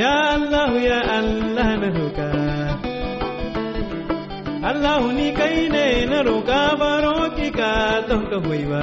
Ya Allah ya Allah na roƙa Allah ni kai ne na roƙa baro ki ka don ka hoyi ba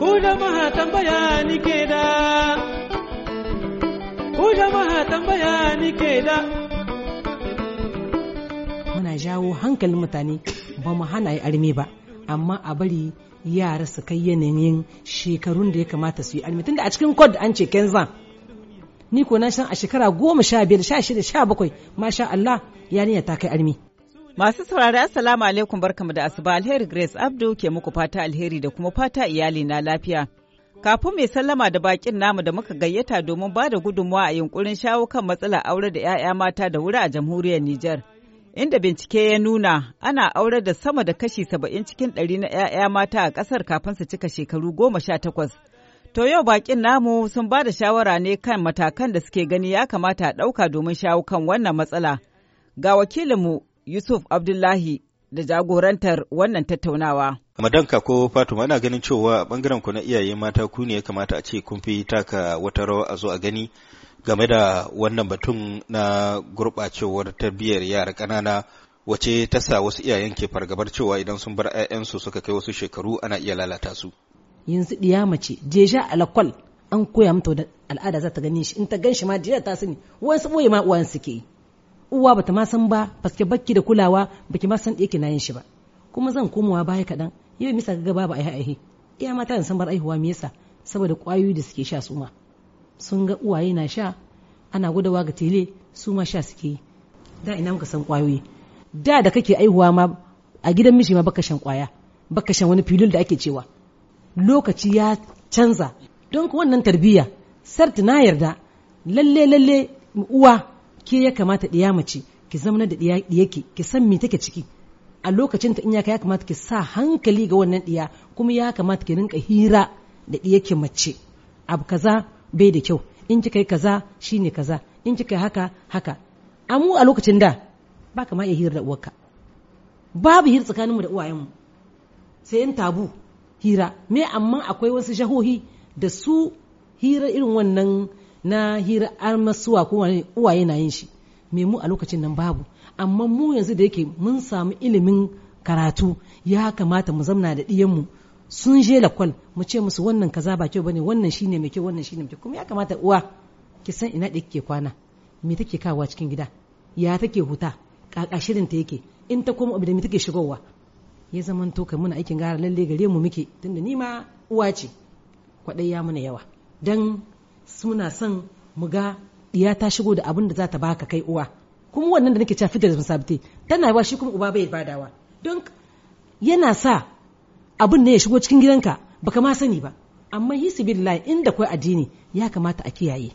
Ku jama'a tambaya ni ke da Ku jama'a tambaya ni ke da Muna jawo hankalin mutane ba mu hana yi arme ba amma a bari yara su kai yanayin shekarun da ya kamata su yi arme tunda a cikin kod an ce kenzan ni ko na san a shekara goma sha biyar sha shida sha bakwai masha Allah ya niyya ta kai armi. Masu saurari assalamu alaikum barkamu da asuba alheri Grace Abdu ke muku fata alheri da kuma fata iyali na lafiya. Kafin mai sallama da bakin namu da muka gayyata domin ba da gudunmawa a yunkurin shawo kan matsalar aure da 'ya'ya mata da wuri a jamhuriyar Nijar. Inda bincike ya nuna ana aure da sama da kashi saba'in cikin ɗari na 'ya'ya mata a ƙasar kafin su cika shekaru goma sha takwas. To yau bakin namu sun ba da shawara ne kan matakan da suke gani ya kamata a ɗauka domin shawo kan wannan matsala. Ga wakilinmu Yusuf Abdullahi da jagorantar wannan tattaunawa. Madanka ko Fatima ana ganin cewa bangaren ku na iyaye mata ku ne ya kamata a ce kun fi taka wata rawa a zo a gani game da wannan batun na gurɓacewar tarbiyyar yara ƙanana wace ta sa wasu iyayen ke fargabar cewa idan sun bar 'ya'yansu suka kai wasu shekaru ana iya lalata su. yanzu ɗiya mace a alakwal an koya mata da al'ada za ta gani shi in ta gan shi ma deja ta sani wasu su boye ma uwan suke yi uwa bata ma san ba paske bakki da kulawa baki ma san ɗaya na yin shi ba kuma zan komawa baya kaɗan yau misa ga babu yi aihe iya mata da san bar aihuwa me yasa saboda ƙwayoyi da suke sha su ma sun ga uwaye na sha ana gudawa ga tele su ma sha suke yi da ina muka san ƙwayoyi da da kake aihuwa ma a gidan miji ma baka shan kwaya baka shan wani filin da ake cewa lokaci ya canza don wannan tarbiyya sarti na yarda lalle lalle uwa ke ya kamata ɗiya mace ki zama da ke ki san me take ciki a lokacin ta in ya ya kamata ki sa hankali ga wannan ɗiya kuma ya kamata ki rinka hira da ke mace abu kaza bai da kyau in kika yi kaza shine kaza in kika yi haka haka amu a lokacin da ba ma iya hira da uwarka babu hira tsakaninmu da uwayenmu sai yin tabu hira me amma akwai wasu shahohi da su hira irin wannan na hira armasuwa ko uwaye na yin shi me mu a lokacin nan babu amma mu yanzu da yake mun samu ilimin karatu ya kamata mu zamna da ɗiyanmu sun je kwal mu ce musu wannan kaza ba kyau bane wannan shine mai kyau wannan shine mai kyau kuma ya kamata uwa ki san ina da kike kwana me take kawa cikin gida ya take huta kaka ta yake in ta koma abu da me take shigowa ya zaman to kai muna aikin gara lalle gare mu muke tunda ni ma uwa ce kwaɗai ya mana yawa dan suna son mu ga ɗiya ta shigo da abin da za ta baka kai uwa kuma wannan da nake cewa fitar da responsibility tana ba shi kuma uba bai badawa don yana sa abin ne ya shigo cikin gidanka baka ma sani ba amma in inda kwai addini ya kamata a kiyaye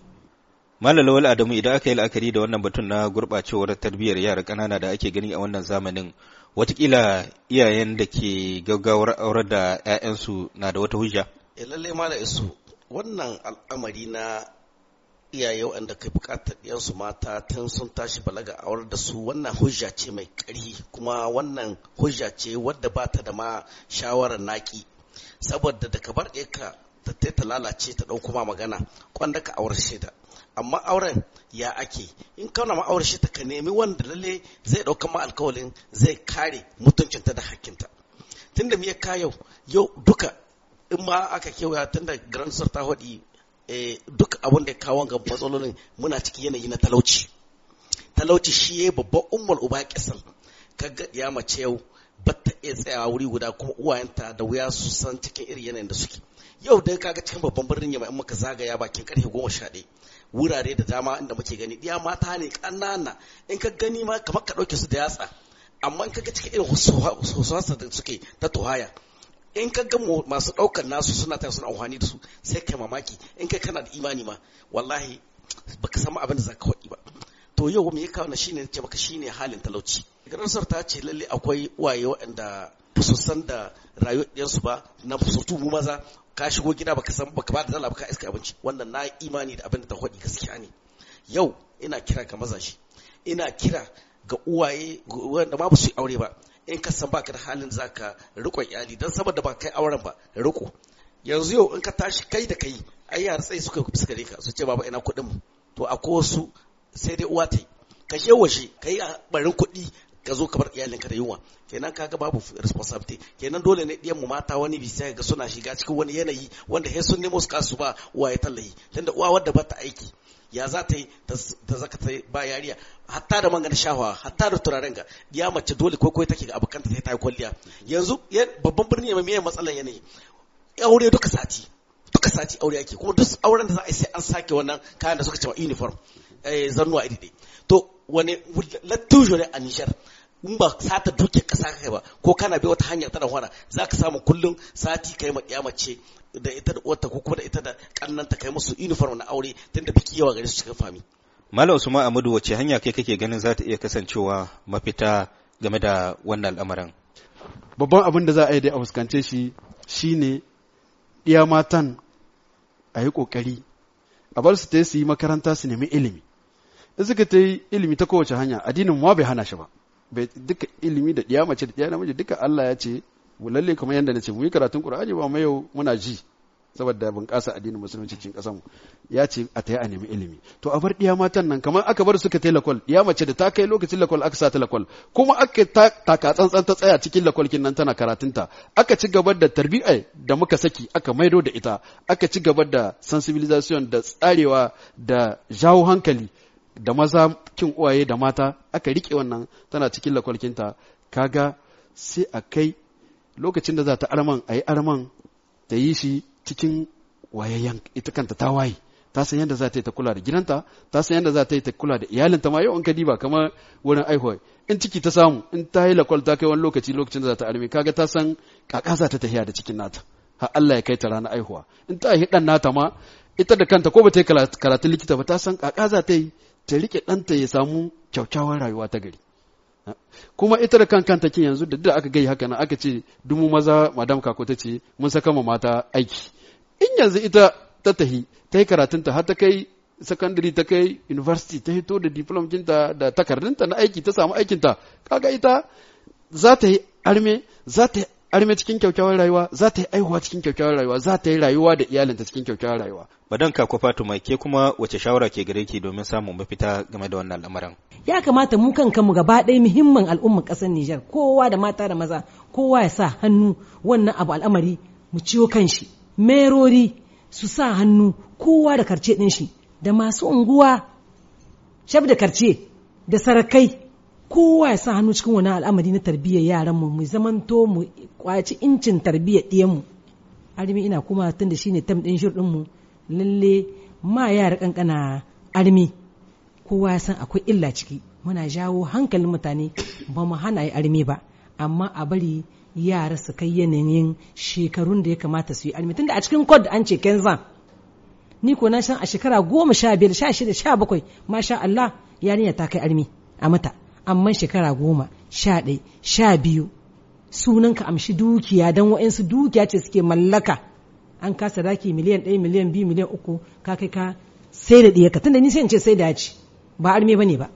Malalawal Adamu idan aka yi la'akari da wannan batun na gurɓacewar tarbiyyar yara ƙanana da ake gani a wannan zamanin watakila iyayen da ke gaggawar aurar da 'ya'yansu na da wata hujja? E lalle mala isu wannan al'amari na iyaye waɗanda kai buƙatar yansu mata tun sun tashi balaga aurar da su wannan hujja ce mai ƙarfi kuma wannan hujja ce wadda ba ta da ma shawarar naƙi saboda da ka bar ka ta lalace ta ɗau kuma magana kwanda ka aurar shaida amma auren ya ake in kana ma shi ta ka nemi wanda lalle zai ɗauka ma alkawalin zai kare mutuncinta da hakkinta tunda da miya yau yau duka in ma aka kewaya tunda da sur ta hodi eh, duk abin da ya kawo ga matsalolin muna ciki yanayi na talauci talauci shi ya babban ummar uba kisan kaga ya mace yau ba ta iya tsayawa wuri guda kuma uwayenta da wuya su san cikin irin yanayin da suke yau dai kaga cikin babban birnin yamma in muka zagaya bakin karfe goma sha ɗaya wurare da dama inda muke gani ɗiya mata ne ƙanana in ka gani ma kamar ka ɗauke su da yatsa amma in ka ga cikin irin hosuwarsa da suke ta tuhaya in ka ga masu ɗaukar nasu suna ta suna amfani da su sai kai mamaki in kai kana da imani ma wallahi baka samu abin da zaka faɗi ba to yau me ya kawo na shine ce baka shine halin talauci garasar ta ce lalle akwai waye waɗanda su san da rayuwar ɗiyarsu ba na surtu mu maza ka shigo gida baka san baka ba da sallah baka iska abinci wannan na imani da abin da ta hodi gaskiya ne yau ina kira ga mazaje ina kira ga uwaye wanda ma ba su aure ba in ka san baka da halin zaka riko iyali dan saboda ba kai auren ba riko yanzu yau in ka tashi kai da kai ai yar sai suka fuskare ka su ce baba ina kuɗin mu to akwai wasu sai dai uwa ta yi ka washe ka yi barin kuɗi ka zo ka bar iyalinka da yunwa kenan ga babu responsibility kenan dole ne diyan mu mata wani bisa ga suna shiga cikin wani yanayi wanda he sun nemo su kasu ba uwa ya tallahi tunda uwa wadda ba ta aiki ya za ta yi ta zaka ta ba yariya hatta da mangana shawa hatta da turaren ga ya mace dole ko koyi take ga abokanta sai ta yi kwalliya yanzu babban birni mai miyan matsalan yanayi aure duka sati duka sati aure yake kuma duk auren da za a yi sai an sake wannan kayan da suka ce uniform eh, zannuwa iri to wani toujours a nishar in ba sata duke kasa kai ba ko kana bi wata hanyar tana hwara za ka samu kullum sati kai ma mace da ita da uwarta ko kuma da ita da kannanta kai musu uniform na aure tunda biki yawa gare su cikin fami Malam Usman Amadu wace hanya kai kake ganin za ta iya kasancewa mafita game da wannan al'amarin babban abin da za a yi dai a fuskance shi shine iya matan a yi kokari a bar su ta su yi makaranta su nemi ilimi in suka ta yi ilimi ta kowace hanya addinin ma bai hana shi ba bai duka ilimi da ɗiya mace da ɗiya namiji duka Allah ya ce lalle kamar yadda na ce mu yi karatun Qur'ani ba mu yau muna ji saboda bunƙasa addinin musulunci cikin mu ya ce a tayi a nemi ilimi to a bar ɗiya matan nan kamar aka bar suka tayi lakwal ɗiya mace da ta kai lokacin lakwal aka sa ta lakwal kuma aka taka tsantsan ta tsaya cikin kin nan tana karatun karatunta aka ci gaba da tarbiyyar da muka saki aka maido da ita aka ci gaba da sensibilisation da tsarewa da jawo hankali da maza kin uwaye da mata aka rike wannan tana cikin lakwalkinta kaga sai a kai lokacin da za ta arman a yi arman ta yi shi cikin wayayyan ita kanta ta waye ta san yadda za ta yi ta kula da gidanta ta san yadda za ta yi ta kula da iyalinta ma yau an ka diba kamar wurin aihuwa in ciki ta samu in ta yi lakwal ta kai wani lokaci lokacin da za ta arme kaga ta san kaka za ta tafiya da cikin nata har Allah ya kai ta ranar aihuwa in ta yi dan nata ma ita da kanta ko ba ta yi karatun likita ba ta san kaka za ta yi ta rike ɗanta ya samu kyaukyawar rayuwa ta gari kuma ita da kanta kin yanzu da da aka gai haka nan aka ce dumu maza madam kako ta ce mun saka ma mata aiki in yanzu ita ta tahi ta yi karatunta har ta kai secondary ta kai university ta hito da diplom da takardunta na aiki ta samu aikinta kaga ita za ta yi arme za ta yi arme cikin kyakkyawar rayuwa za ta yi aihuwa cikin kyakkyawar rayuwa za ta yi rayuwa da iyalinta cikin kyakkyawar rayuwa badan ka fatima ke kuma wace shawara ke gare ki domin samun mafita game da wannan al'amarin ya kamata mu kan kanmu gaba ɗaya muhimman al'ummar ƙasar Nijar kowa da mata da maza kowa ya sa hannu wannan abu al'amari mu ciwo kanshi merori su sa hannu kowa da karce ɗin shi da masu unguwa shaf da karce da sarakai kowa ya sa hannu cikin wani al'amari na tarbiyyar yaran mu mu to mu kwaci incin tarbiyyar ɗiyan mu armi ina kuma tun da shine tam din shirɗin mu lalle ma yara kankana armi kowa ya san akwai illa ciki muna jawo hankalin mutane ba mu hana yi armi ba amma a bari yara su kai yanayin shekarun da ya kamata su yi armi tunda a cikin kod an ce kenza. ni ko na san a shekara goma sha biyar sha shida sha bakwai masha Allah yarinya ta kai armi a mata amma shekara goma sha ɗaya sha biyu sunan ka amshi dukiya don wa'insu dukiya ce suke mallaka an kasa daki miliyan ɗaya miliyan biyu miliyan uku ka kai ka sai da ɗiyarka tunda ni sai in ce sai da ci ba arme ba ne ba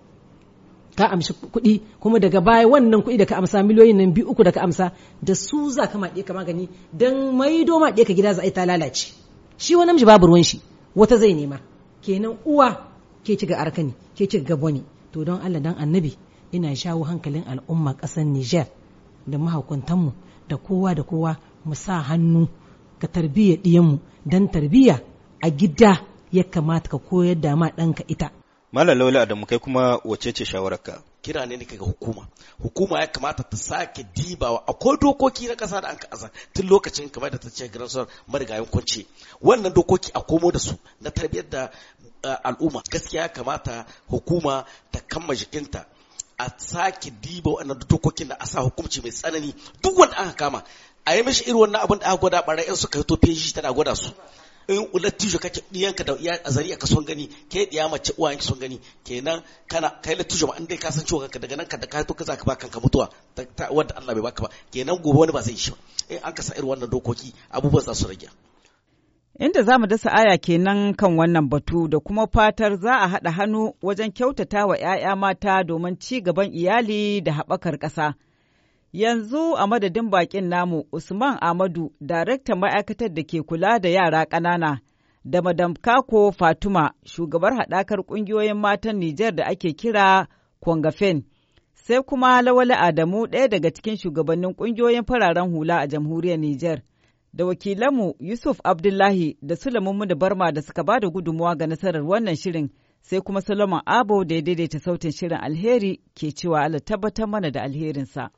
ka amshi kuɗi kuma daga baya wannan kuɗi da ka amsa miliyoyin nan biyu uku da ka amsa da su za ka ma ka magani don maido ma ka gida za a yi ta lalace shi wani namiji babu ruwan shi wata zai nema kenan uwa ke ci ga arkani ke ci ga ne to don Allah dan annabi ina shawo hankalin al'umma ƙasar Nijar da mahaukuntanmu da kowa da kowa mu sa hannu ka tarbiyya ɗiyanmu don tarbiyya a gida ya kamata ka koyar da ma ɗanka ita. malalola Laula Adamu kai kuma wace ce shawararka? Kira ne ga hukuma. Hukuma ya kamata ta sake dibawa akwai dokoki na kasa da an ka tun lokacin kamar da ta ce Gransor marigayen kunce. Wannan dokoki a komo da su na tarbiyyar da eh, al'umma. Gaskiya ya kamata hukuma ta kama jikinta a sake diba waɗannan dokokin da a sa hukunci mai tsanani duk wanda aka kama a yi mishi irin wannan abin da aka gwada ɓarai yan suka hito feji tana gwada su in lattijo kake ɗiyanka da iya azari zariya ka son gani ke diya mace uwa yake son gani kenan kana kai lattijo ma an dai ka san cewa daga nan ka da ka to ka zaka ba kanka mutuwa wanda Allah bai baka ba kenan gobe wani ba zai yi shi ba eh an ka sa irin wannan dokoki abubuwan za su rage Inda za mu dasa aya kenan kan wannan batu da kuma fatar za a haɗa hannu wajen kyautata wa 'ya'ya mata domin ci gaban iyali da haɓakar ƙasa. Yanzu a madadin baƙin namu Usman Amadu, daraktan ma'aikatar da ke kula da yara ƙanana, da Madam Kako Fatuma, shugabar haɗakar ƙungiyoyin matan Nijar da ake kira kongafen sai kuma Lawali Adamu ɗaya daga cikin shugabannin ƙungiyoyin fararen hula a jamhuriyar Nijar. da wakilanmu Yusuf Abdullahi da Sulaiman da Barma da suka ba da gudunmuwa ga nasarar wannan shirin sai kuma Solomon Abo da ya daidaita sautin shirin alheri ke cewa Allah tabbatar mana da alherinsa.